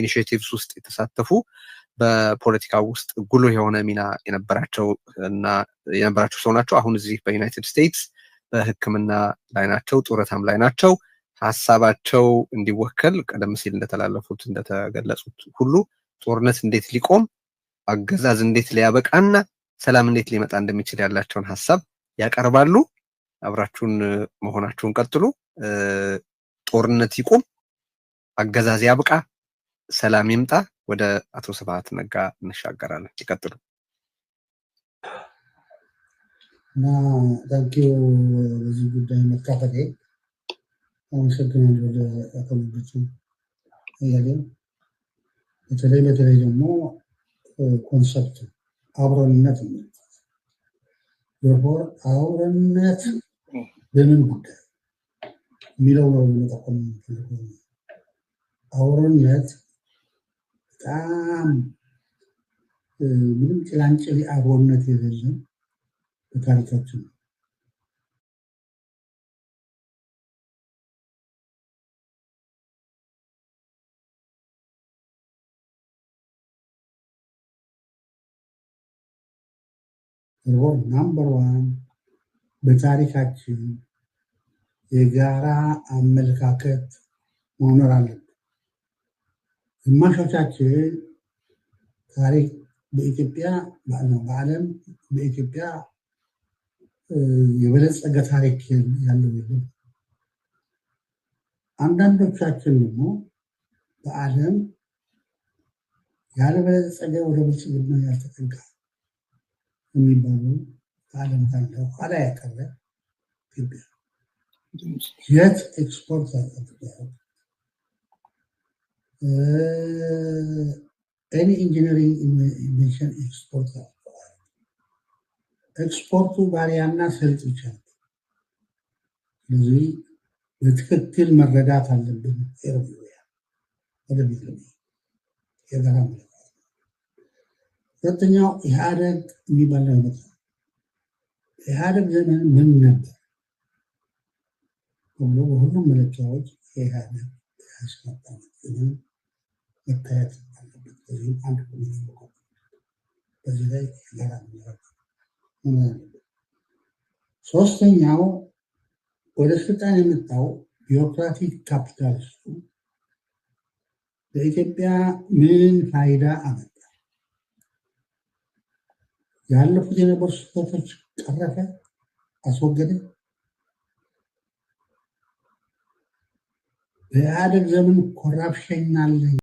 ኢኒሽቲቭስ ውስጥ የተሳተፉ በፖለቲካ ውስጥ ጉልህ የሆነ ሚና የነበራቸው እና የነበራቸው ሰው ናቸው። አሁን እዚህ በዩናይትድ ስቴትስ በህክምና ላይ ናቸው፣ ጡረታም ላይ ናቸው። ሀሳባቸው እንዲወከል ቀደም ሲል እንደተላለፉት እንደተገለጹት ሁሉ ጦርነት እንዴት ሊቆም አገዛዝ እንዴት ሊያበቃና ሰላም እንዴት ሊመጣ እንደሚችል ያላቸውን ሀሳብ ያቀርባሉ። አብራችሁን መሆናችሁን ቀጥሉ። ጦርነት ይቁም፣ አገዛዝ ያብቃ። ሰላም ይምጣ። ወደ አቶ ስብሐት ነጋ እንሻገራለን። ይቀጥሉ። በዚህ ጉዳይ መካፈል አመሰግናለሁ። በተለይ በተለይ ደግሞ ኮንሰፕት አብሮነት የሚል የሆር በምን ጉዳይ የሚለው ነው መጠቆም አብሮነት በጣም ምንም ጭላንጭል አብሮነት የሌለን በታሪካችን ነው። ወርልድ ናምበር ዋን በታሪካችን የጋራ አመለካከት መኖር አለብን። ግማሾቻችን ታሪክ በኢትዮጵያ በዓለም በኢትዮጵያ የበለጸገ ታሪክ ያለው የለም። አንዳንዶቻችን ደግሞ በዓለም ያለበለጸገ ወደ ብልጽግና ያልተጠጋ የሚባሉ ከዓለም ካለው ኋላ ያቀረ ኢትዮጵያ የት ኤክስፖርት ያቀርበ ኤኒ ኢንጂነሪንግ ኢንቬንሽን ኤክስፖርት አድርገዋል። ኤክስፖርቱ ባሪያና ስልጥ ይቻላል። ስለዚህ በትክክል መረዳት አለብን። ኤርያ ወደ ቤት የጋራ ሁለተኛው ኢህአደግ የሚባል ነገር ኢህአደግ ዘመን ምን ነበር ተብሎ በሁሉም መለኪያዎች የኢህአደግ ያስመጣ መታየት አለበት። በዚህም አንድ ኮሚኒ በዚህ ላይ የጋራ ሶስተኛው ወደ ስልጣን የመጣው ቢሮክራቲክ ካፒታሊስቱ በኢትዮጵያ ምን ፋይዳ አመጣ? ያለፉት የነበሩ ስህተቶች ቀረፈ፣ አስወገደ? በኢህአደግ ዘመን ኮራፕሽን አለኝ